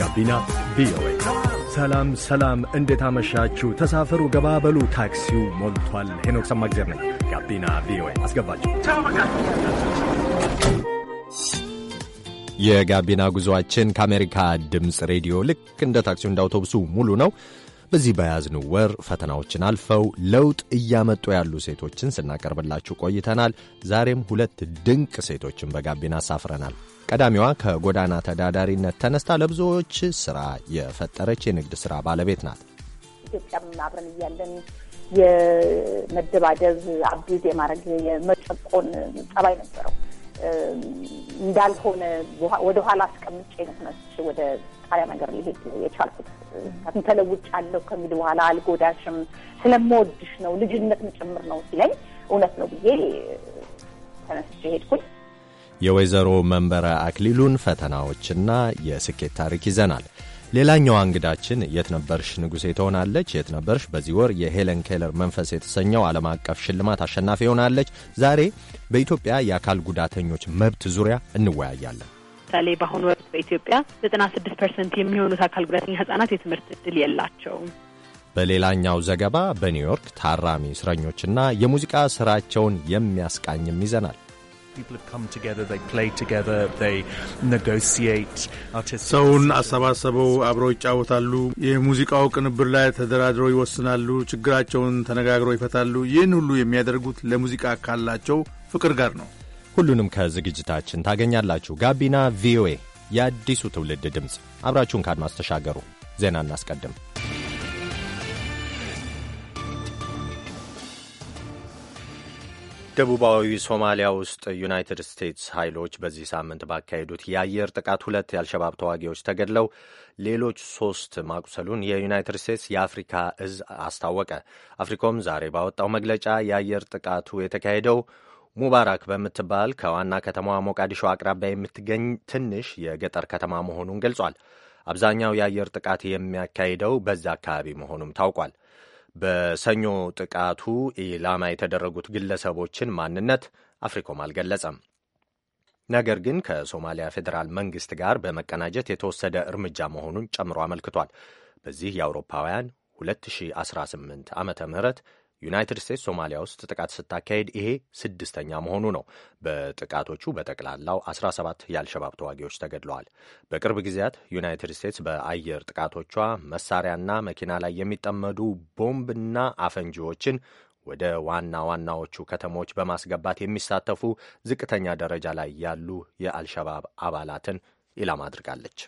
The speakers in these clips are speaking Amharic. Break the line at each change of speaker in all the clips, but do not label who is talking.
ጋቢና ቪኦኤ። ሰላም ሰላም፣ እንዴት አመሻችሁ? ተሳፈሩ፣ ገባበሉ፣ ታክሲው ሞልቷል። ሄኖክ ሰማግዜር ነኝ። ጋቢና ቪኦኤ ሰላም ሰላም እንዴት አመሻችሁ ተሳፈሩ በሉ
ታክሲው ሞልቷል
ሄኖክ ሰማግዜር ነኝ ጋቢና ቪኦኤ አስገባችሁ የጋቢና ጉዞአችን ከአሜሪካ ድምፅ ሬዲዮ ልክ እንደ ታክሲው እንደ አውቶቡሱ ሙሉ ነው። በዚህ በያዝኑ ወር ፈተናዎችን አልፈው ለውጥ እያመጡ ያሉ ሴቶችን ስናቀርብላችሁ ቆይተናል። ዛሬም ሁለት ድንቅ ሴቶችን በጋቢና አሳፍረናል። ቀዳሚዋ ከጎዳና ተዳዳሪነት ተነስታ ለብዙዎች ስራ የፈጠረች የንግድ ስራ ባለቤት ናት።
ኢትዮጵያም አብረን እያለን የመደባደብ አቢዝ የማድረግ የመጨቆን ጠባይ ነበረው። እንዳልሆነ ወደኋላ አስቀምጬ ነው ተነስቼ ወደ ጣሊያን ሀገር ሊሄድ የቻልኩት። ምክንያቱም ተለውጫለሁ ከሚል በኋላ አልጎዳሽም፣ ስለምወድሽ ነው፣ ልጅነት ጭምር ነው ሲለኝ እውነት ነው ብዬ ተነስቼ ሄድኩኝ።
የወይዘሮ መንበረ አክሊሉን ፈተናዎችና የስኬት ታሪክ ይዘናል። ሌላኛዋ እንግዳችን የት ነበርሽ ንጉሴ ትሆናለች። የት ነበርሽ በዚህ ወር የሄለን ኬለር መንፈስ የተሰኘው ዓለም አቀፍ ሽልማት አሸናፊ ሆናለች። ዛሬ በኢትዮጵያ የአካል ጉዳተኞች መብት ዙሪያ እንወያያለን።
ለምሳሌ በአሁኑ ወቅት በኢትዮጵያ ዘጠና ስድስት ፐርሰንት የሚሆኑት አካል ጉዳተኛ ህጻናት የትምህርት እድል የላቸውም።
በሌላኛው ዘገባ በኒውዮርክ ታራሚ እስረኞችና የሙዚቃ ስራቸውን የሚያስቃኝም ይዘናል።
ሰውን አሰባሰበው፣ አብረው ይጫወታሉ። የሙዚቃው ቅንብር ላይ ተደራድረው ይወስናሉ። ችግራቸውን ተነጋግረው ይፈታሉ። ይህን ሁሉ የሚያደርጉት ለሙዚቃ ካላቸው ፍቅር ጋር ነው።
ሁሉንም ከዝግጅታችን ታገኛላችሁ። ጋቢና ቪኦኤ፣ የአዲሱ ትውልድ ድምፅ። አብራችሁን ካድማስ ተሻገሩ። ዜና እናስቀድም። ደቡባዊ ሶማሊያ ውስጥ ዩናይትድ ስቴትስ ኃይሎች በዚህ ሳምንት ባካሄዱት የአየር ጥቃት ሁለት የአልሸባብ ተዋጊዎች ተገድለው ሌሎች ሶስት ማቁሰሉን የዩናይትድ ስቴትስ የአፍሪካ እዝ አስታወቀ። አፍሪኮም ዛሬ ባወጣው መግለጫ የአየር ጥቃቱ የተካሄደው ሙባራክ በምትባል ከዋና ከተማዋ ሞቃዲሾ አቅራቢያ የምትገኝ ትንሽ የገጠር ከተማ መሆኑን ገልጿል። አብዛኛው የአየር ጥቃት የሚያካሄደው በዛ አካባቢ መሆኑም ታውቋል። በሰኞ ጥቃቱ ኢላማ የተደረጉት ግለሰቦችን ማንነት አፍሪኮም አልገለጸም። ነገር ግን ከሶማሊያ ፌዴራል መንግስት ጋር በመቀናጀት የተወሰደ እርምጃ መሆኑን ጨምሮ አመልክቷል። በዚህ የአውሮፓውያን 2018 ዓመተ ምህረት ዩናይትድ ስቴትስ ሶማሊያ ውስጥ ጥቃት ስታካሄድ ይሄ ስድስተኛ መሆኑ ነው። በጥቃቶቹ በጠቅላላው 17 የአልሸባብ ተዋጊዎች ተገድለዋል። በቅርብ ጊዜያት ዩናይትድ ስቴትስ በአየር ጥቃቶቿ መሳሪያና መኪና ላይ የሚጠመዱ ቦምብና አፈንጂዎችን ወደ ዋና ዋናዎቹ ከተሞች በማስገባት የሚሳተፉ ዝቅተኛ ደረጃ ላይ ያሉ የአልሸባብ አባላትን ኢላማ አድርጋለች።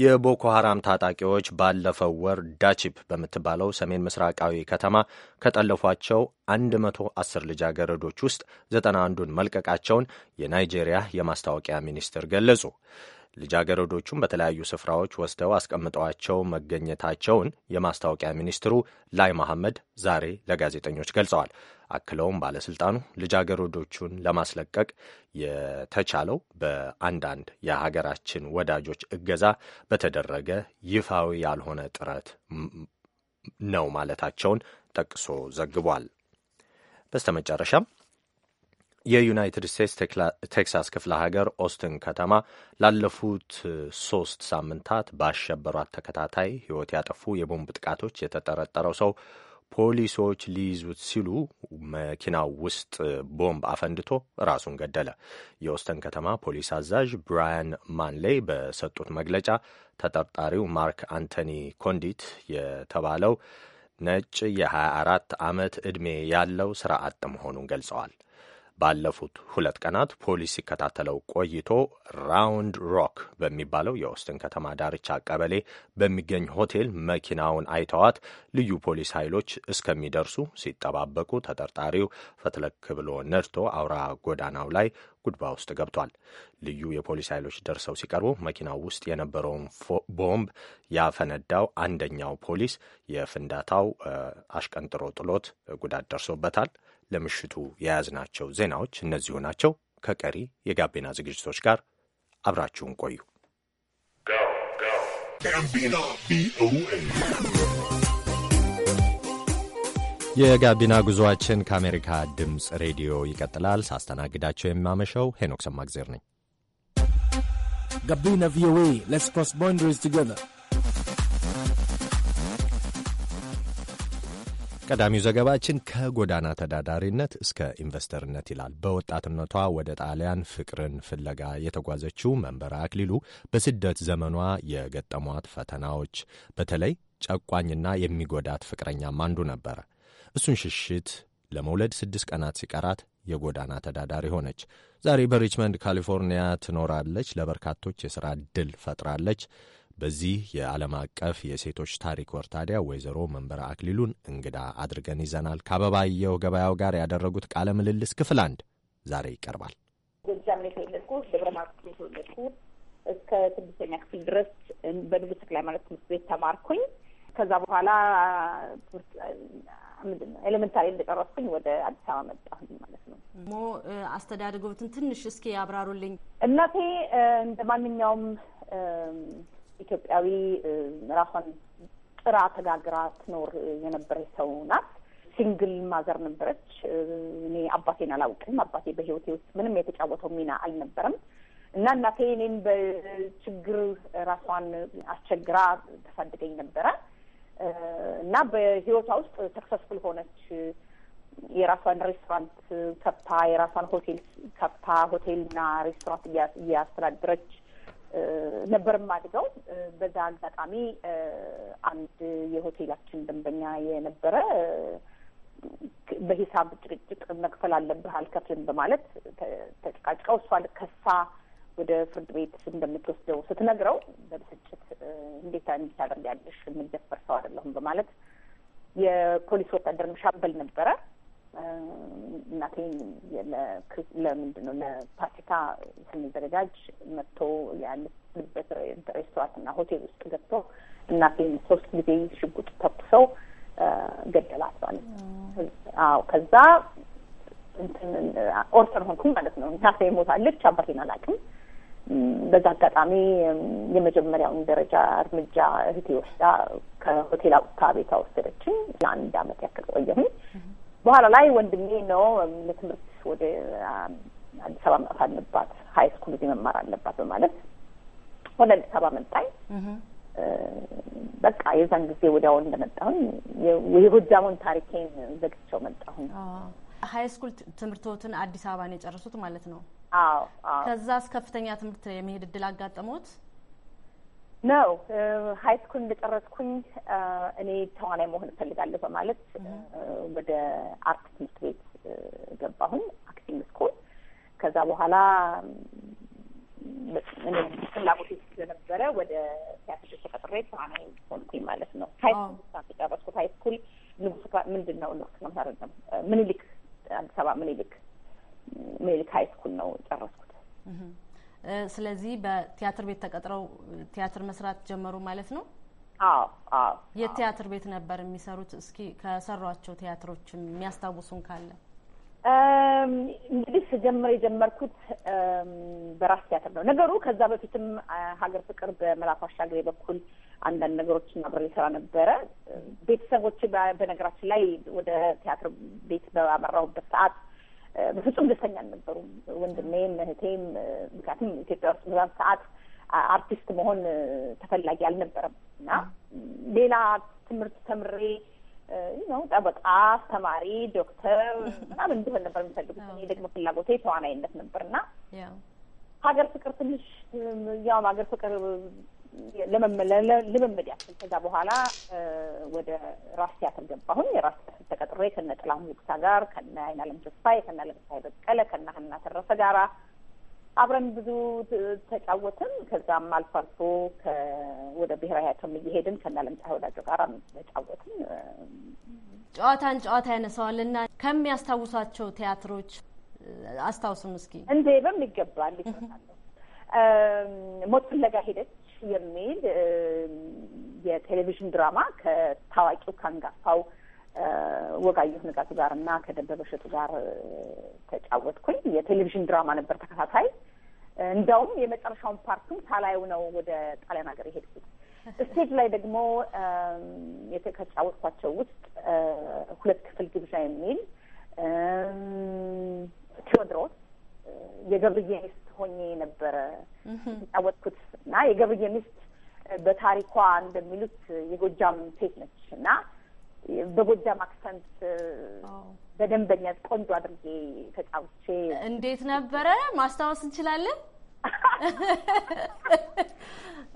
የቦኮ ሐራም ታጣቂዎች ባለፈው ወር ዳቺፕ በምትባለው ሰሜን ምስራቃዊ ከተማ ከጠለፏቸው 110 ልጃገረዶች ውስጥ 91ዱን መልቀቃቸውን የናይጄሪያ የማስታወቂያ ሚኒስትር ገለጹ። ልጃገረዶቹም በተለያዩ ስፍራዎች ወስደው አስቀምጠዋቸው መገኘታቸውን የማስታወቂያ ሚኒስትሩ ላይ መሐመድ ዛሬ ለጋዜጠኞች ገልጸዋል። አክለውም ባለስልጣኑ ልጃገረዶቹን ለማስለቀቅ የተቻለው በአንዳንድ የሀገራችን ወዳጆች እገዛ በተደረገ ይፋዊ ያልሆነ ጥረት ነው ማለታቸውን ጠቅሶ ዘግቧል። በስተ መጨረሻም የዩናይትድ ስቴትስ ቴክሳስ ክፍለ ሀገር ኦስትን ከተማ ላለፉት ሶስት ሳምንታት ባሸበሯት ተከታታይ ሕይወት ያጠፉ የቦምብ ጥቃቶች የተጠረጠረው ሰው ፖሊሶች ሊይዙት ሲሉ መኪናው ውስጥ ቦምብ አፈንድቶ ራሱን ገደለ። የኦስተን ከተማ ፖሊስ አዛዥ ብራያን ማንሌይ በሰጡት መግለጫ ተጠርጣሪው ማርክ አንቶኒ ኮንዲት የተባለው ነጭ የ24 ዓመት ዕድሜ ያለው ሥራ አጥ መሆኑን ገልጸዋል። ባለፉት ሁለት ቀናት ፖሊስ ሲከታተለው ቆይቶ ራውንድ ሮክ በሚባለው የኦስትን ከተማ ዳርቻ ቀበሌ በሚገኝ ሆቴል መኪናውን አይተዋት ልዩ ፖሊስ ኃይሎች እስከሚደርሱ ሲጠባበቁ ተጠርጣሪው ፈትለክ ብሎ ነድቶ አውራ ጎዳናው ላይ ጉድባ ውስጥ ገብቷል። ልዩ የፖሊስ ኃይሎች ደርሰው ሲቀርቡ መኪናው ውስጥ የነበረውን ቦምብ ያፈነዳው አንደኛው ፖሊስ የፍንዳታው አሽቀንጥሮ ጥሎት ጉዳት ደርሶበታል። ለምሽቱ የያዝናቸው ዜናዎች እነዚሁ ናቸው። ከቀሪ የጋቢና ዝግጅቶች ጋር አብራችሁን ቆዩ። የጋቢና ጉዞአችን ከአሜሪካ ድምፅ ሬዲዮ ይቀጥላል። ሳስተናግዳቸው የማመሸው ሄኖክ ሰማግዜር ነኝ። ጋቢና ቪኦኤ ቀዳሚው ዘገባችን ከጎዳና ተዳዳሪነት እስከ ኢንቨስተርነት ይላል። በወጣትነቷ ወደ ጣሊያን ፍቅርን ፍለጋ የተጓዘችው መንበረ አክሊሉ በስደት ዘመኗ የገጠሟት ፈተናዎች በተለይ ጨቋኝና የሚጎዳት ፍቅረኛም አንዱ ነበረ። እሱን ሽሽት ለመውለድ ስድስት ቀናት ሲቀራት የጎዳና ተዳዳሪ ሆነች። ዛሬ በሪችመንድ ካሊፎርኒያ ትኖራለች። ለበርካቶች የሥራ ዕድል ፈጥራለች። በዚህ የዓለም አቀፍ የሴቶች ታሪክ ወር ታዲያ ወይዘሮ መንበረ አክሊሉን እንግዳ አድርገን ይዘናል። ከአበባየሁ ገበያው ጋር ያደረጉት ቃለ ምልልስ ክፍል አንድ ዛሬ ይቀርባል።
ጎጃም የተወለድኩ የተወለድኩት። ደብረ ማርቆስ ነው እስከ ስድስተኛ ክፍል ድረስ በንጉሥ ማለት ትምህርት ቤት ተማርኩኝ። ከዛ በኋላ ኤሌመንታሪ እንደጨረስኩኝ ወደ አዲስ አበባ መጣሁኝ ማለት ነው።
ሞ አስተዳደጎትን ትንሽ እስኪ ያብራሩልኝ።
እናቴ እንደ ማንኛውም ኢትዮጵያዊ ራሷን ጥራ ተጋግራ ትኖር የነበረች ሰው ናት። ሲንግል ማዘር ነበረች። እኔ አባቴን አላውቅም። አባቴ በህይወቴ ውስጥ ምንም የተጫወተው ሚና አልነበረም እና እናቴ እኔን በችግር ራሷን አስቸግራ ተሳድገኝ ነበረ እና በህይወቷ ውስጥ ሰክሰስፉል ሆነች። የራሷን ሬስቶራንት ከፍታ፣ የራሷን ሆቴል ከፍታ ሆቴልና ሬስቶራንት እያስተዳደረች ነበር የማድገው። በዛ አጋጣሚ አንድ የሆቴላችን ደንበኛ የነበረ በሂሳብ ጭቅጭቅ መክፈል አለብህ አልከፍልም በማለት ተጨቃጭቀው እሷ ከሳ ወደ ፍርድ ቤት እንደምትወስደው ስትነግረው በብስጭት እንዴት እንዲታደርግ ያለሽ የምደፈር ሰው አይደለሁም በማለት የፖሊስ ወታደር ሻምበል ነበረ እናቴ ለምንድን ነው ለፓስካ ስንዘጋጅ መጥቶ ያለበት ሬስቶራት እና ሆቴል ውስጥ ገብቶ እናቴን ሶስት ጊዜ ሽጉጥ ተኩሰው ገደላት ማለት ነው። አዎ ከዛ ኦርተር ሆንኩኝ ማለት ነው። እናቴ ሞታለች፣ አባቴን አላውቅም። በዛ አጋጣሚ የመጀመሪያውን ደረጃ እርምጃ እህቴ ወስዳ ከሆቴል አውጥታ ቤቷ ወሰደችኝ። ለአንድ አመት ያክል ቆየሁኝ። በኋላ ላይ ወንድሜ ነው ለትምህርት ወደ አዲስ አበባ መጣት አለባት፣ ሀይ ስኩል እዚህ መማር አለባት በማለት ወደ አዲስ አበባ መጣኝ። በቃ የዛን ጊዜ ወዲያው እንደመጣሁኝ የጎጃሙን ታሪኬን ዘግቸው መጣሁኝ።
ሀይ ስኩል ትምህርቶትን አዲስ አበባ ነው የጨረሱት ማለት ነው? አዎ። ከዛስ ከፍተኛ ትምህርት የመሄድ እድል አጋጠሞት?
ነው ሀይ ስኩል እንደጨረስኩኝ እኔ ተዋናይ መሆን እፈልጋለሁ በማለት ወደ አርት ትምህርት ቤት ገባሁኝ አክቲንግ ስኩል። ከዛ በኋላ ፍላጎቴ ስለነበረ ወደ ቲያትር ተቀጥሬ ተዋናይ ሆንኩኝ ማለት ነው። ሀይ ስኩል ሳት ሀይ ስኩል ምንድን ነው ንጉስ ክማት አደለም ምኒልክ አዲስ አበባ ምኒልክ ምኒልክ ሀይ ስኩል ነው የጨረስኩት።
ስለዚህ በቲያትር ቤት ተቀጥረው ቲያትር መስራት ጀመሩ ማለት ነው። አዎ የቲያትር ቤት ነበር የሚሰሩት። እስኪ ከሰሯቸው ቲያትሮች የሚያስታውሱን ካለ?
እንግዲህ ስጀምር የጀመርኩት በራስ ቲያትር ነው ነገሩ። ከዛ በፊትም ሀገር ፍቅር በመላኩ አሻግሬ በኩል አንዳንድ ነገሮችን አብሬ ስራ ነበረ። ቤተሰቦች በነገራችን ላይ ወደ ቲያትር ቤት በመራሁበት ሰዓት በፍጹም ደስተኛ አልነበሩም ወንድሜም እህቴም። ምክንያቱም ኢትዮጵያ ውስጥ በዛም ሰዓት አርቲስት መሆን ተፈላጊ አልነበረም እና ሌላ ትምህርት ተምሬ ነው ጠበቃ፣ አስተማሪ፣ ዶክተር ምናምን እንዲሆን ነበር የሚፈልጉት። እኔ ደግሞ ፍላጎቴ ተዋናይነት ነበር እና ሀገር ፍቅር ትንሽ ያውም ሀገር ፍቅር ልምምድ ያስል ከዛ በኋላ ወደ ራስ ቲያትር ገባሁኝ። የራስ ቲያትር ተቀጥሬ ከነ ጥላሁን ልግሳ ጋር ከነ አይናለም ተስፋዬ ከነ ለምሳሌ በቀለ ከነ ህና ተረፈ ጋራ አብረን ብዙ ተጫወትን። ከዛም አልፎ አልፎ ወደ ብሔራዊ ቲያትርም እየሄድን ከነ አለምፀሐይ ወዳጆ ጋር ተጫወትን።
ጨዋታን ጨዋታ ያነሳዋል እና ከሚያስታውሷቸው ቲያትሮች አስታውሱም እስኪ።
እንዴ በሚገባ ሞት ፍለጋ ሄደች የሚል የቴሌቪዥን ድራማ ከታዋቂው ከአንጋፋው ወጋየሁ ንጋቱ ጋር እና ከደበበ እሸቱ ጋር ተጫወትኩኝ። የቴሌቪዥን ድራማ ነበር ተከታታይ። እንደውም የመጨረሻውን ፓርቱም ታላዩ ነው ወደ ጣሊያን ሀገር የሄድኩት። ስቴጅ ላይ ደግሞ ከተጫወትኳቸው ውስጥ ሁለት ክፍል ግብዣ የሚል ቴዎድሮስ የገብርዬ ሆኜ ነበረ የተጫወትኩት እና የገብዬ ሚስት በታሪኳ እንደሚሉት የጎጃም ሴት ነች እና በጎጃም አክሰንት በደንበኛ ቆንጆ አድርጌ ተጫውቼ
እንዴት ነበረ ማስታወስ እንችላለን?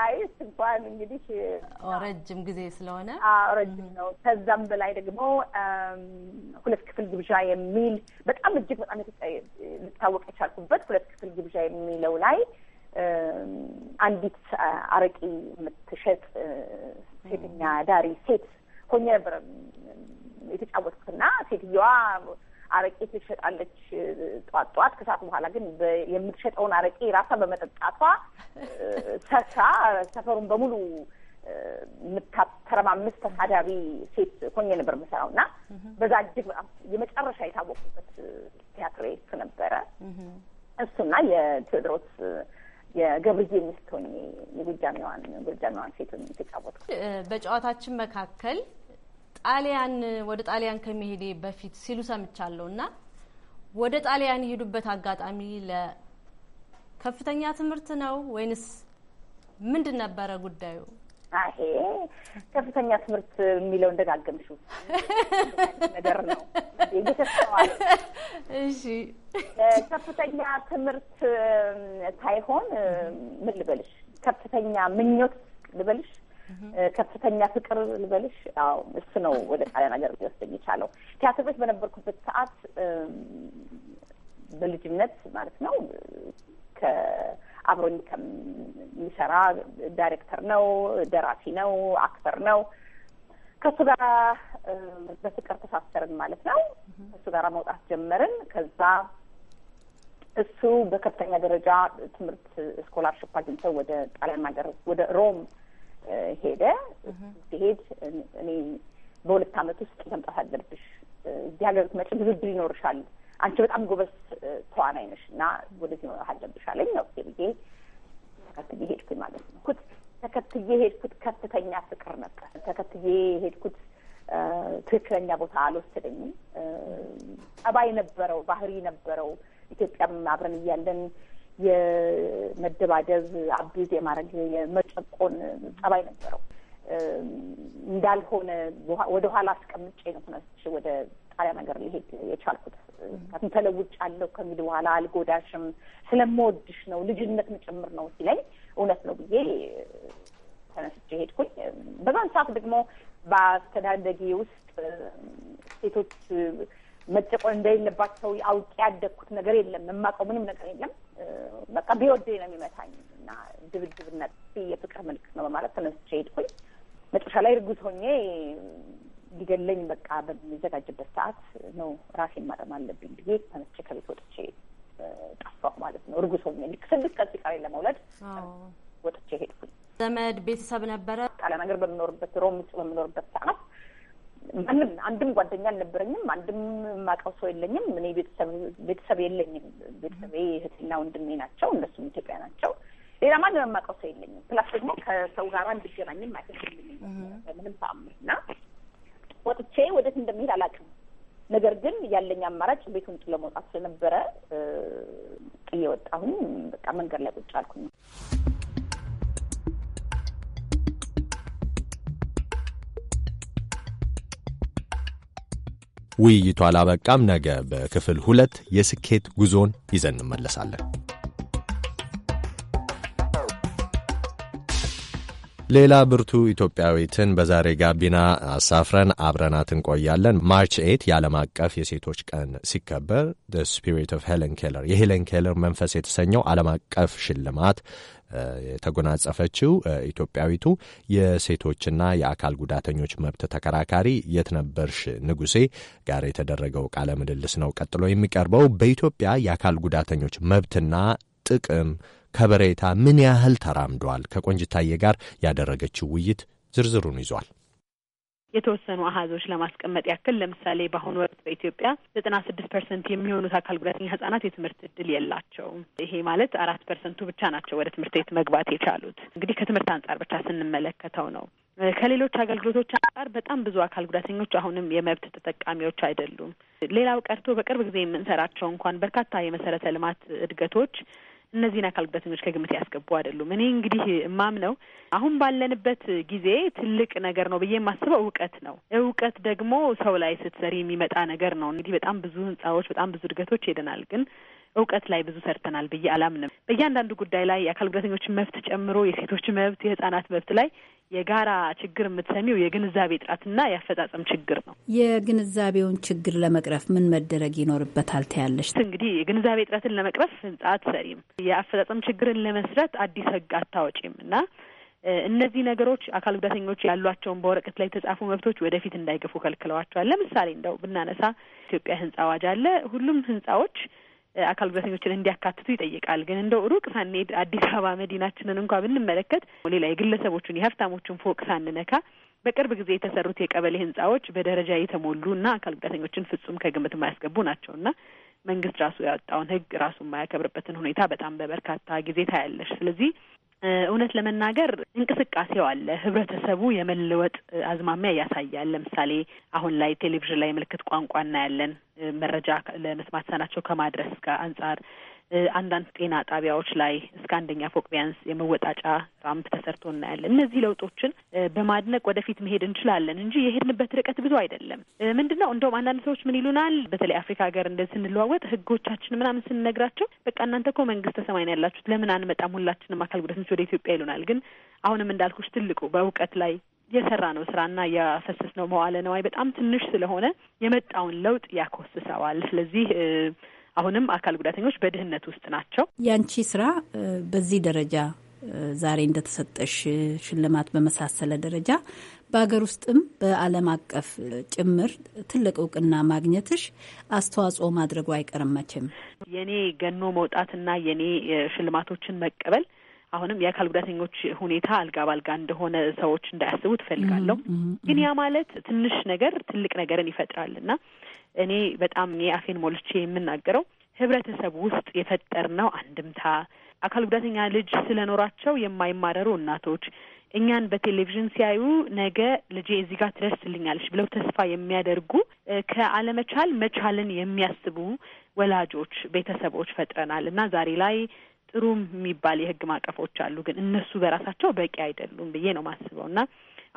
አይ እንኳን እንግዲህ ረጅም ጊዜ ስለሆነ ረጅም ነው። ከዛም በላይ ደግሞ ሁለት ክፍል ግብዣ የሚል በጣም እጅግ በጣም ልታወቅ የቻልኩበት ሁለት ክፍል ግብዣ የሚለው ላይ አንዲት አረቂ የምትሸጥ ሴተኛ ዳሪ ሴት ሆኜ ነበረ የተጫወትኩትና ሴትዮዋ አረቄ ትሸጣለች ጧት ጧት። ከሰዓት በኋላ ግን የምትሸጠውን አረቄ ራሷ በመጠጣቷ ሰሳ ሰፈሩን በሙሉ የምታተረማምስ ተሳዳቢ ሴት ሆኜ ነበር የምሰራው እና በዛ እጅግ በጣም የመጨረሻ የታወቁበት ቲያትር ቤት ነበረ እሱና የቴዎድሮስ የገብርዬ ሚስት ሆኜ የጎጃሚዋን ጎጃሚዋን ሴት የተጫወትኩ።
በጨዋታችን መካከል ጣሊያን ወደ ጣሊያን ከመሄዴ በፊት ሲሉ ሰምቻለሁ እና ወደ ጣሊያን የሄዱበት አጋጣሚ ለከፍተኛ ትምህርት ነው ወይንስ ምንድን ነበረ ጉዳዩ? ይሄ
ከፍተኛ ትምህርት የሚለው እንደጋገምሽው ነገር ነው። እሺ፣ ከፍተኛ ትምህርት ሳይሆን ምን ልበልሽ፣ ከፍተኛ ምኞት ልበልሽ ከፍተኛ ፍቅር ልበልሽ። አዎ እሱ ነው ወደ ጣሊያን ሀገር ሊወስደኝ የቻለው። ቲያትር ቤት በነበርኩበት ሰዓት በልጅነት ማለት ነው ከአብሮኝ ከሚሰራ ዳይሬክተር ነው፣ ደራሲ ነው፣ አክተር ነው። ከእሱ ጋር በፍቅር ተሳሰርን ማለት ነው። ከእሱ ጋር መውጣት ጀመርን። ከዛ እሱ በከፍተኛ ደረጃ ትምህርት ስኮላርሽፕ አግኝተው ወደ ጣሊያን ሀገር ወደ ሮም ሄደ። ሲሄድ እኔ በሁለት ዓመት ውስጥ መምጣት አለብሽ እዚህ ሀገር ብትመጪ ብዙ እድል ይኖርሻል፣ አንቺ በጣም ጎበዝ ተዋናይ ነሽ እና ወደዚህ መምጣት አለብሽ አለኝ። ነው ብዬ ተከትዬ ሄድኩኝ ማለት ነው። ኩት ተከትዬ ሄድኩት ከፍተኛ ፍቅር ነበር። ተከትዬ ሄድኩት ትክክለኛ ቦታ አልወሰደኝም። ጠባይ ነበረው፣ ባህሪ ነበረው። ኢትዮጵያም አብረን እያለን የመደባደብ አቢዝ የማድረግ የመጨቆን ጸባይ ነበረው። እንዳልሆነ ወደ ኋላ አስቀምጬ ነው ሆነች ወደ ጣሊያን ነገር ሊሄድ የቻልኩት። ምክንያቱም ተለውጫለሁ ከሚል በኋላ አልጎዳሽም፣ ስለምወድሽ ነው፣ ልጅነት መጨምር ነው ሲለኝ እውነት ነው ብዬ ተነስቼ ሄድኩኝ። በዛን ሰዓት ደግሞ በአስተዳደጌ ውስጥ ሴቶች መጨቆን እንደሌለባቸው አውቄ ያደግኩት ነገር የለም። የማውቀው ምንም ነገር የለም። በቃ ቢወደ ነው የሚመታኝ እና ድብድብና የፍቅር ምልክት ነው በማለት ተነስቼ ሄድኩኝ። መጨረሻ ላይ እርጉዝ ሆኜ ሊገለኝ በቃ በሚዘጋጅበት ሰዓት ነው ራሴን ማረም አለብኝ ብዬ ተነስቼ ከቤት ወጥቼ ጠፋሁ ማለት ነው። እርጉዝ ሆኜ ልክ ስድስት ቀን ሲቀረኝ ለመውለድ ወጥቼ ሄድኩኝ። ዘመድ ቤተሰብ ነበረ ቃለ ነገር በምኖርበት ሮም ውስጥ በምኖርበት ሰዓት ማንም አንድም ጓደኛ አልነበረኝም። አንድም ማውቀው ሰው የለኝም። እኔ ቤተሰብ የለኝም። ቤተሰቤ እህትና ወንድሜ ናቸው። እነሱም ኢትዮጵያ ናቸው። ሌላ ማንም የማውቀው ሰው የለኝም። ፕላስ ደግሞ ከሰው ጋር እንድገናኝም አይፈቅድልኝም በምንም ተአምር እና ወጥቼ ወዴት እንደሚሄድ አላውቅም። ነገር ግን ያለኝ አማራጭ ቤቱን ጥሎ መውጣት ስለነበረ ጥዬ ወጣሁኝ። በቃ መንገድ ላይ ቁጭ አልኩኝ።
ውይይቱ አላበቃም። ነገ በክፍል ሁለት የስኬት ጉዞን ይዘን እንመለሳለን። ሌላ ብርቱ ኢትዮጵያዊትን በዛሬ ጋቢና አሳፍረን አብረናት እንቆያለን። ማርች ኤት የዓለም አቀፍ የሴቶች ቀን ሲከበር ስፒሪት ኦፍ ሄለን ኬለር የሄለን ኬለር መንፈስ የተሰኘው ዓለም አቀፍ ሽልማት የተጎናጸፈችው ኢትዮጵያዊቱ የሴቶችና የአካል ጉዳተኞች መብት ተከራካሪ የትነበርሽ ንጉሴ ጋር የተደረገው ቃለ ምልልስ ነው። ቀጥሎ የሚቀርበው በኢትዮጵያ የአካል ጉዳተኞች መብትና ጥቅም ከበሬታ ምን ያህል ተራምዷል? ከቆንጅታዬ ጋር ያደረገችው ውይይት ዝርዝሩን ይዟል።
የተወሰኑ አሀዞች ለማስቀመጥ ያክል ለምሳሌ በአሁኑ ወቅት በኢትዮጵያ ዘጠና ስድስት ፐርሰንት የሚሆኑት አካል ጉዳተኛ ህጻናት የትምህርት እድል የላቸውም። ይሄ ማለት አራት ፐርሰንቱ ብቻ ናቸው ወደ ትምህርት ቤት መግባት የቻሉት። እንግዲህ ከትምህርት አንጻር ብቻ ስንመለከተው ነው። ከሌሎች አገልግሎቶች አንጻር በጣም ብዙ አካል ጉዳተኞች አሁንም የመብት ተጠቃሚዎች አይደሉም። ሌላው ቀርቶ በቅርብ ጊዜ የምንሰራቸው እንኳን በርካታ የመሰረተ ልማት እድገቶች እነዚህን አካል ጉዳተኞች ከግምት ያስገቡ አይደሉም። እኔ እንግዲህ ነው። አሁን ባለንበት ጊዜ ትልቅ ነገር ነው ብዬ የማስበው እውቀት ነው። እውቀት ደግሞ ሰው ላይ ስትዘሪ የሚመጣ ነገር ነው። እንግዲህ በጣም ብዙ ህንጻዎች፣ በጣም ብዙ እድገቶች ሄደናል ግን እውቀት ላይ ብዙ ሰርተናል ብዬ አላምንም። በእያንዳንዱ ጉዳይ ላይ የአካል ጉዳተኞችን መብት ጨምሮ የሴቶች መብት፣ የህጻናት መብት ላይ የጋራ ችግር የምትሰሚው የግንዛቤ ጥራትና የአፈጻጸም ችግር ነው።
የግንዛቤውን ችግር ለመቅረፍ ምን መደረግ ይኖርበታል ትያለሽ?
እንግዲህ የግንዛቤ ጥረትን ለመቅረፍ ህንጻ አትሰሪም፣ የአፈጻጸም ችግርን ለመስረት አዲስ ህግ አታወጪም እና እነዚህ ነገሮች አካል ጉዳተኞች ያሏቸውን በወረቀት ላይ የተጻፉ መብቶች ወደፊት እንዳይገፉ ከልክለዋቸዋል። ለምሳሌ እንደው ብናነሳ ኢትዮጵያ ህንጻ አዋጅ አለ። ሁሉም ህንጻዎች አካል ጉዳተኞችን እንዲያካትቱ ይጠይቃል። ግን እንደው ሩቅ ሳንሄድ አዲስ አበባ መዲናችንን እንኳ ብንመለከት ሌላ የግለሰቦቹን የሀብታሞቹን ፎቅ ሳንነካ በቅርብ ጊዜ የተሰሩት የቀበሌ ህንጻዎች በደረጃ የተሞሉ እና አካል ጉዳተኞችን ፍጹም ከግምት የማያስገቡ ናቸው እና መንግስት ራሱ ያወጣውን ህግ ራሱ የማያከብርበትን ሁኔታ በጣም በበርካታ ጊዜ ታያለሽ። ስለዚህ እውነት ለመናገር እንቅስቃሴው አለ። ህብረተሰቡ የመለወጥ አዝማሚያ ያሳያል። ለምሳሌ አሁን ላይ ቴሌቪዥን ላይ ምልክት ቋንቋ እናያለን። መረጃ ለመስማት ሳናቸው ከማድረስ ጋር አንጻር አንዳንድ ጤና ጣቢያዎች ላይ እስከ አንደኛ ፎቅ ቢያንስ የመወጣጫ ራምፕ ተሰርቶ እናያለን። እነዚህ ለውጦችን በማድነቅ ወደፊት መሄድ እንችላለን እንጂ የሄድንበት ርቀት ብዙ አይደለም። ምንድን ነው እንደውም አንዳንድ ሰዎች ምን ይሉናል፣ በተለይ አፍሪካ ሀገር እንደ ስንለዋወጥ ህጎቻችን ምናምን ስንነግራቸው በቃ እናንተ እኮ መንግስተ ሰማይ ነው ያላችሁት ለምን አንመጣም ሁላችንም አካል ጉዳተኞች ወደ ኢትዮጵያ ይሉናል። ግን አሁንም እንዳልኩች ትልቁ በእውቀት ላይ የሰራ ነው ስራና ያፈሰስ ነው መዋለ ነዋይ በጣም ትንሽ ስለሆነ የመጣውን ለውጥ ያኮስሰዋል። ስለዚህ አሁንም አካል ጉዳተኞች በድህነት ውስጥ
ናቸው። ያንቺ ስራ በዚህ ደረጃ ዛሬ እንደተሰጠሽ ሽልማት በመሳሰለ ደረጃ በሀገር ውስጥም በዓለም አቀፍ ጭምር ትልቅ እውቅና ማግኘትሽ አስተዋጽኦ ማድረጉ አይቀርም መቼም።
የኔ ገኖ መውጣትና የኔ ሽልማቶችን መቀበል አሁንም የአካል ጉዳተኞች ሁኔታ አልጋ ባልጋ እንደሆነ ሰዎች እንዳያስቡ ትፈልጋለሁ። ግን ያ ማለት ትንሽ ነገር ትልቅ ነገርን ይፈጥራል እና እኔ በጣም የአፌን ሞልቼ የምናገረው ህብረተሰብ ውስጥ የፈጠርነው አንድምታ አካል ጉዳተኛ ልጅ ስለኖራቸው የማይማረሩ እናቶች እኛን በቴሌቪዥን ሲያዩ ነገ ልጄ እዚህ ጋር ትደርስልኛለች ብለው ተስፋ የሚያደርጉ ከአለመቻል መቻልን የሚያስቡ ወላጆች፣ ቤተሰቦች ፈጥረናል እና ዛሬ ላይ ጥሩ የሚባል የህግ ማቀፎች አሉ፣ ግን እነሱ በራሳቸው በቂ አይደሉም ብዬ ነው ማስበው እና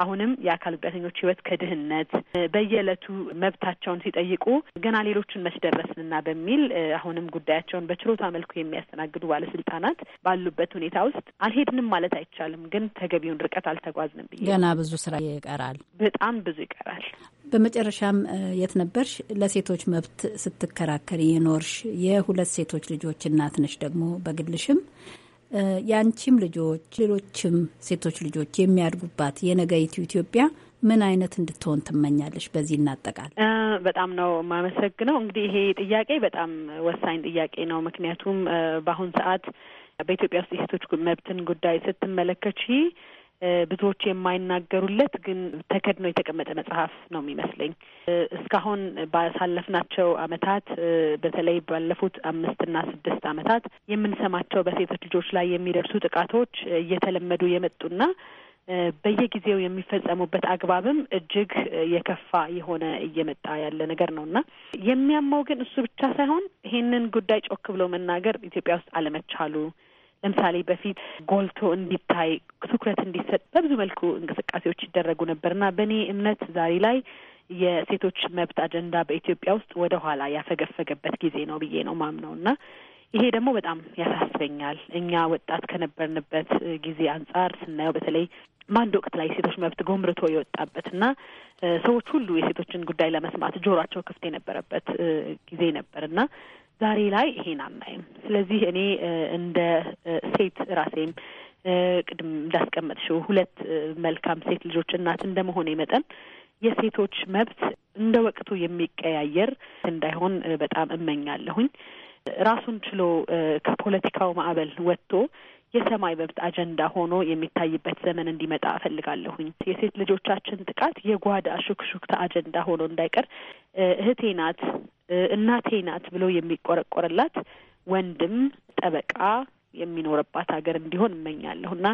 አሁንም የአካል ጉዳተኞች ህይወት ከድህነት በየዕለቱ መብታቸውን ሲጠይቁ ገና ሌሎችን መስደረስንና በሚል አሁንም ጉዳያቸውን በችሮታ መልኩ የሚያስተናግዱ ባለስልጣናት ባሉበት ሁኔታ ውስጥ አልሄድንም ማለት አይቻልም፣ ግን ተገቢውን ርቀት አልተጓዝንም ብዬ ገና ብዙ ስራ ይቀራል፣ በጣም ብዙ
ይቀራል። በመጨረሻም የት ነበርሽ? ለሴቶች መብት ስትከራከር የኖርሽ የሁለት ሴቶች ልጆች እናት ነሽ። ደግሞ በግልሽም የአንቺም ልጆች ሌሎችም ሴቶች ልጆች የሚያድጉባት የነገይቱ ኢትዮጵያ ምን አይነት እንድትሆን ትመኛለች? በዚህ እናጠቃል።
በጣም ነው የማመሰግነው። እንግዲህ ይሄ ጥያቄ በጣም ወሳኝ ጥያቄ ነው። ምክንያቱም በአሁን ሰዓት በኢትዮጵያ ውስጥ የሴቶች መብትን ጉዳይ ስትመለከች ብዙዎች የማይናገሩለት ግን ተከድኖ የተቀመጠ መጽሐፍ ነው የሚመስለኝ። እስካሁን ባሳለፍናቸው አመታት በተለይ ባለፉት አምስትና ስድስት አመታት የምንሰማቸው በሴቶች ልጆች ላይ የሚደርሱ ጥቃቶች እየተለመዱ የመጡና በየጊዜው የሚፈጸሙበት አግባብም እጅግ የከፋ የሆነ እየመጣ ያለ ነገር ነው እና የሚያማው ግን እሱ ብቻ ሳይሆን ይሄንን ጉዳይ ጮክ ብሎ መናገር ኢትዮጵያ ውስጥ አለመቻሉ ለምሳሌ በፊት ጎልቶ እንዲታይ ትኩረት እንዲሰጥ በብዙ መልኩ እንቅስቃሴዎች ይደረጉ ነበር እና በእኔ እምነት ዛሬ ላይ የሴቶች መብት አጀንዳ በኢትዮጵያ ውስጥ ወደ ኋላ ያፈገፈገበት ጊዜ ነው ብዬ ነው ማምነው እና ይሄ ደግሞ በጣም ያሳስበኛል። እኛ ወጣት ከነበርንበት ጊዜ አንጻር ስናየው በተለይ በአንድ ወቅት ላይ የሴቶች መብት ጎምርቶ የወጣበትና ሰዎች ሁሉ የሴቶችን ጉዳይ ለመስማት ጆሯቸው ክፍት የነበረበት ጊዜ ነበር እና ዛሬ ላይ ይሄን አናይም። ስለዚህ እኔ እንደ ሴት ራሴም ቅድም እንዳስቀመጥሽው ሁለት መልካም ሴት ልጆች እናት እንደመሆኔ መጠን የሴቶች መብት እንደ ወቅቱ የሚቀያየር እንዳይሆን በጣም እመኛለሁኝ። ራሱን ችሎ ከፖለቲካው ማዕበል ወጥቶ የሰማይ መብት አጀንዳ ሆኖ የሚታይበት ዘመን እንዲመጣ እፈልጋለሁኝ። የሴት ልጆቻችን ጥቃት የጓዳ ሹክሹክታ አጀንዳ ሆኖ እንዳይቀር እህቴ ናት እናቴ ናት ብሎ የሚቆረቆርላት ወንድም ጠበቃ የሚኖርባት ሀገር እንዲሆን እመኛለሁ እና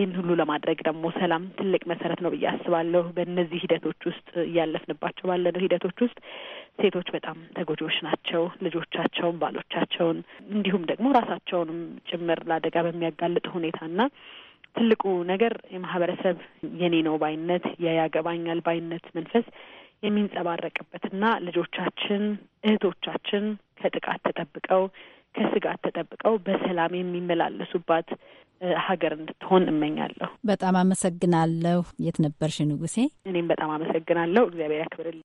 ይህን ሁሉ ለማድረግ ደግሞ ሰላም ትልቅ መሰረት ነው ብዬ አስባለሁ። በእነዚህ ሂደቶች ውስጥ እያለፍንባቸው ባለነው ሂደቶች ውስጥ ሴቶች በጣም ተጎጂዎች ናቸው። ልጆቻቸውን፣ ባሎቻቸውን እንዲሁም ደግሞ ራሳቸውንም ጭምር ለአደጋ በሚያጋልጥ ሁኔታና ትልቁ ነገር የማህበረሰብ የኔ ነው ባይነት የያገባኛል ባይነት መንፈስ የሚንጸባረቅበትና ልጆቻችን እህቶቻችን ከጥቃት ተጠብቀው ከስጋት ተጠብቀው በሰላም የሚመላለሱባት
ሀገር እንድትሆን እመኛለሁ። በጣም አመሰግናለሁ። የት ነበርሽ ንጉሴ?
እኔም በጣም አመሰግናለሁ። እግዚአብሔር ያክብርልኝ።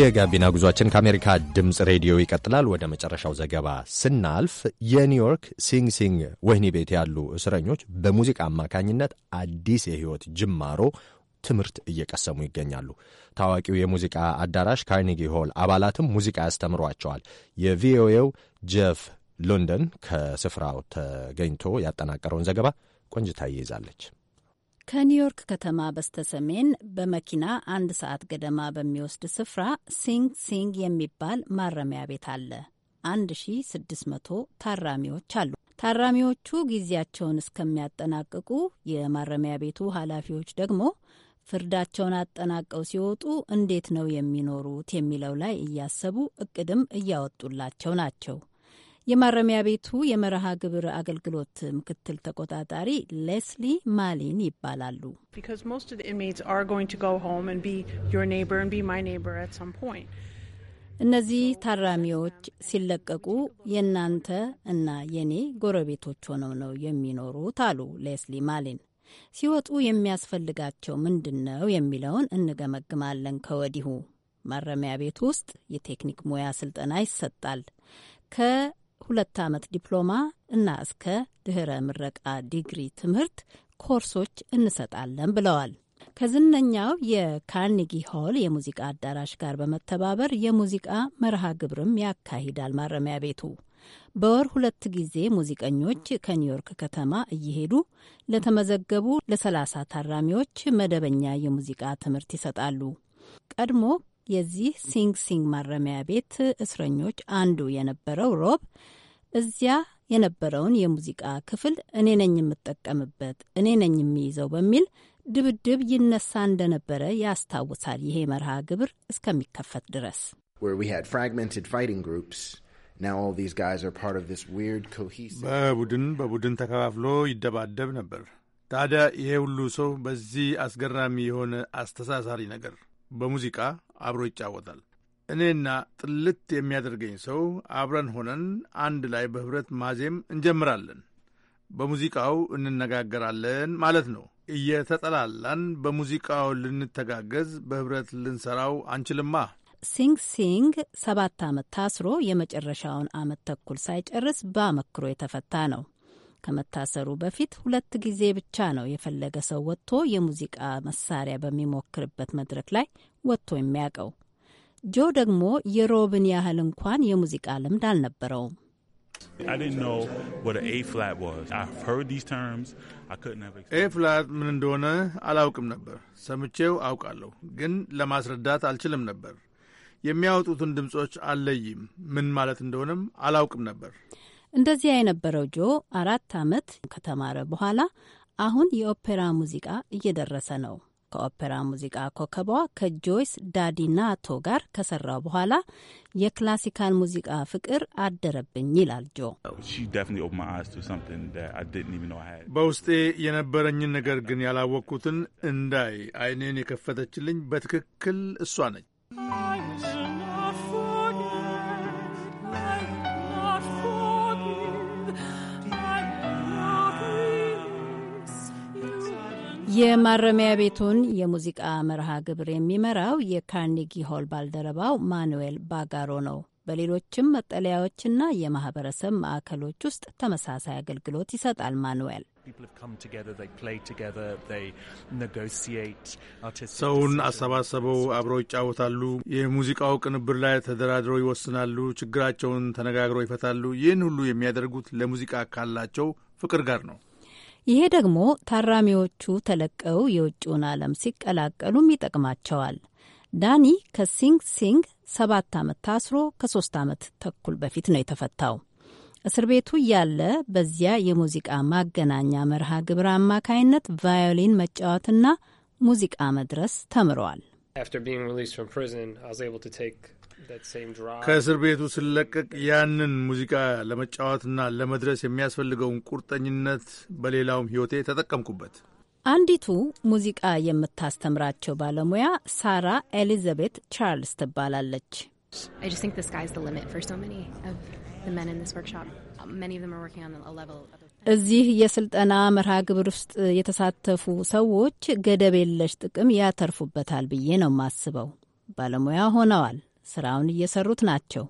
የጋቢና ጉዟችን ከአሜሪካ ድምፅ ሬዲዮ ይቀጥላል። ወደ መጨረሻው ዘገባ ስናልፍ የኒውዮርክ ሲንግ ሲንግ ወህኒ ቤት ያሉ እስረኞች በሙዚቃ አማካኝነት አዲስ የህይወት ጅማሮ ትምህርት እየቀሰሙ ይገኛሉ። ታዋቂው የሙዚቃ አዳራሽ ካርኒጊ ሆል አባላትም ሙዚቃ ያስተምሯቸዋል። የቪኦኤው ጀፍ ሎንደን ከስፍራው ተገኝቶ ያጠናቀረውን ዘገባ ቆንጅታ ይይዛለች።
ከኒውዮርክ ከተማ በስተሰሜን በመኪና አንድ ሰዓት ገደማ በሚወስድ ስፍራ ሲንግ ሲንግ የሚባል ማረሚያ ቤት አለ። 1600 ታራሚዎች አሉ። ታራሚዎቹ ጊዜያቸውን እስከሚያጠናቅቁ፣ የማረሚያ ቤቱ ኃላፊዎች ደግሞ ፍርዳቸውን አጠናቀው ሲወጡ እንዴት ነው የሚኖሩት የሚለው ላይ እያሰቡ እቅድም እያወጡላቸው ናቸው። የማረሚያ ቤቱ የመርሃ ግብር አገልግሎት ምክትል ተቆጣጣሪ ሌስሊ ማሊን ይባላሉ። እነዚህ ታራሚዎች ሲለቀቁ የእናንተ እና የኔ ጎረቤቶች ሆነው ነው የሚኖሩት አሉ ሌስሊ ማሊን። ሲወጡ የሚያስፈልጋቸው ምንድን ነው የሚለውን እንገመግማለን ከወዲሁ። ማረሚያ ቤት ውስጥ የቴክኒክ ሙያ ስልጠና ይሰጣል። ከ ሁለት ዓመት ዲፕሎማ እና እስከ ድኅረ ምረቃ ዲግሪ ትምህርት ኮርሶች እንሰጣለን ብለዋል። ከዝነኛው የካርኒጊ ሆል የሙዚቃ አዳራሽ ጋር በመተባበር የሙዚቃ መርሃ ግብርም ያካሂዳል ማረሚያ ቤቱ። በወር ሁለት ጊዜ ሙዚቀኞች ከኒውዮርክ ከተማ እየሄዱ ለተመዘገቡ ለሰላሳ ታራሚዎች መደበኛ የሙዚቃ ትምህርት ይሰጣሉ። ቀድሞ የዚህ ሲንግ ሲንግ ማረሚያ ቤት እስረኞች አንዱ የነበረው ሮብ እዚያ የነበረውን የሙዚቃ ክፍል እኔ ነኝ የምጠቀምበት እኔ ነኝ የሚይዘው በሚል ድብድብ ይነሳ እንደነበረ ያስታውሳል። ይሄ መርሃ ግብር እስከሚከፈት
ድረስ በቡድን በቡድን ተከፋፍሎ ይደባደብ ነበር። ታዲያ ይሄ ሁሉ ሰው በዚህ አስገራሚ የሆነ አስተሳሳሪ ነገር በሙዚቃ አብሮ ይጫወታል። እኔና ጥልት የሚያደርገኝ ሰው አብረን ሆነን አንድ ላይ በኅብረት ማዜም እንጀምራለን። በሙዚቃው እንነጋገራለን ማለት ነው። እየተጠላላን በሙዚቃው ልንተጋገዝ በኅብረት ልንሰራው አንችልማ።
ሲንግ ሲንግ ሰባት ዓመት ታስሮ የመጨረሻውን ዓመት ተኩል ሳይጨርስ በአመክሮ የተፈታ ነው። ከመታሰሩ በፊት ሁለት ጊዜ ብቻ ነው የፈለገ ሰው ወጥቶ የሙዚቃ መሳሪያ በሚሞክርበት መድረክ ላይ ወጥቶ የሚያውቀው። ጆ ደግሞ የሮብን ያህል እንኳን የሙዚቃ ልምድ አልነበረውም።
ኤ
ምን እንደሆነ አላውቅም ነበር። ሰምቼው አውቃለሁ፣ ግን ለማስረዳት አልችልም ነበር። የሚያወጡትን ድምፆች አልለይም፣ ምን ማለት እንደሆነም አላውቅም ነበር።
እንደዚያ የነበረው ጆ አራት ዓመት ከተማረ በኋላ አሁን የኦፔራ ሙዚቃ እየደረሰ ነው። ከኦፔራ ሙዚቃ ኮከቧ ከጆይስ ዳዲና ቶ ጋር ከሰራው በኋላ የክላሲካል ሙዚቃ ፍቅር አደረብኝ ይላል
ጆ። በውስጤ የነበረኝን ነገር ግን ያላወቅኩትን እንዳይ አይኔን የከፈተችልኝ በትክክል እሷ ነች።
የማረሚያ
ቤቱን የሙዚቃ መርሃ ግብር የሚመራው የካርኔጊ ሆል ባልደረባው ማኑዌል ባጋሮ ነው። በሌሎችም መጠለያዎችና የማህበረሰብ ማዕከሎች ውስጥ ተመሳሳይ አገልግሎት ይሰጣል። ማኑዌል
ሰውን አሰባሰበው፣ አብረው ይጫወታሉ፣ የሙዚቃው ቅንብር ላይ ተደራድረው ይወስናሉ፣ ችግራቸውን ተነጋግረው ይፈታሉ። ይህን ሁሉ የሚያደርጉት ለሙዚቃ ካላቸው ፍቅር ጋር ነው።
ይሄ ደግሞ ታራሚዎቹ ተለቀው የውጭውን ዓለም ሲቀላቀሉም ይጠቅማቸዋል። ዳኒ ከሲንግ ሲንግ ሰባት ዓመት ታስሮ ከሶስት ዓመት ተኩል በፊት ነው የተፈታው። እስር ቤቱ እያለ በዚያ የሙዚቃ ማገናኛ መርሃ ግብር አማካይነት ቫዮሊን መጫወትና ሙዚቃ መድረስ ተምረዋል።
After being released from prison, I was able to take ከእስር ቤቱ ስለቀቅ ያንን ሙዚቃ ለመጫወትና ለመድረስ የሚያስፈልገውን ቁርጠኝነት በሌላውም ሕይወቴ ተጠቀምኩበት።
አንዲቱ ሙዚቃ የምታስተምራቸው ባለሙያ ሳራ ኤሊዛቤት ቻርልስ ትባላለች። እዚህ የስልጠና መርሃ ግብር ውስጥ የተሳተፉ ሰዎች ገደብ የለሽ ጥቅም ያተርፉበታል ብዬ ነው የማስበው። ባለሙያ ሆነዋል። ስራውን እየሰሩት ናቸው።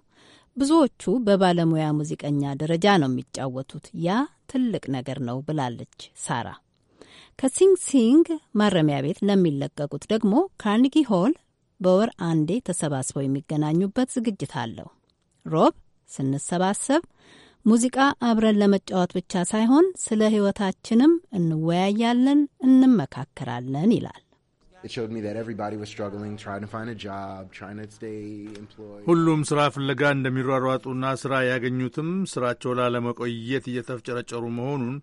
ብዙዎቹ በባለሙያ ሙዚቀኛ ደረጃ ነው የሚጫወቱት። ያ ትልቅ ነገር ነው ብላለች ሳራ። ከሲንግ ሲንግ ማረሚያ ቤት ለሚለቀቁት ደግሞ ካርኒጊ ሆል በወር አንዴ ተሰባስበው የሚገናኙበት ዝግጅት አለው። ሮብ ስንሰባሰብ ሙዚቃ አብረን ለመጫወት ብቻ ሳይሆን ስለ ሕይወታችንም እንወያያለን፣ እንመካከራለን ይላል።
ሁሉም
ስራ ፍለጋ እንደሚሯሯጡና ስራ ያገኙትም ስራቸው ላለመቆየት እየተፍጨረጨሩ መሆኑን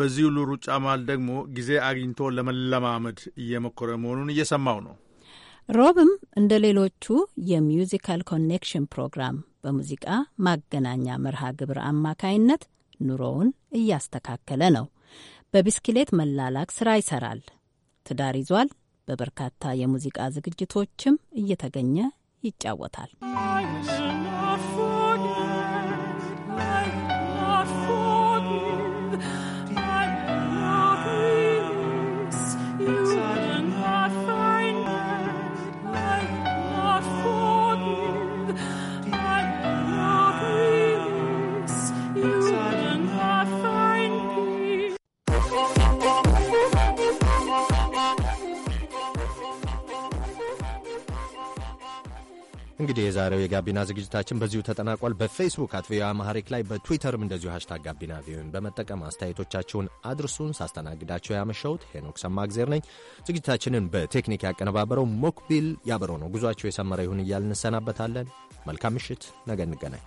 በዚህ ሁሉ ሩጫ መሃል ደግሞ ጊዜ አግኝቶ ለመለማመድ እየሞከረ መሆኑን እየሰማው ነው።
ሮብም እንደ ሌሎቹ የሚውዚካል ኮኔክሽን ፕሮግራም በሙዚቃ ማገናኛ መርሃ ግብር አማካይነት ኑሮውን እያስተካከለ ነው። በብስክሌት መላላክ ስራ ይሰራል። ትዳር ይዟል። በበርካታ የሙዚቃ ዝግጅቶችም እየተገኘ ይጫወታል።
የዛሬው የጋቢና ዝግጅታችን በዚሁ ተጠናቋል። በፌስቡክ አት ቪኦኤ አማሪክ ላይ በትዊተርም እንደዚሁ ሀሽታግ ጋቢና ቪኦኤን በመጠቀም አስተያየቶቻችሁን አድርሱን። ሳስተናግዳቸው ያመሸሁት ሄኖክ ሰማእግዜር ነኝ። ዝግጅታችንን በቴክኒክ ያቀነባበረው ሞክቢል ያበረው ነው። ጉዟቸው የሰመረ ይሁን እያል እንሰናበታለን። መልካም ምሽት። ነገ እንገናኝ።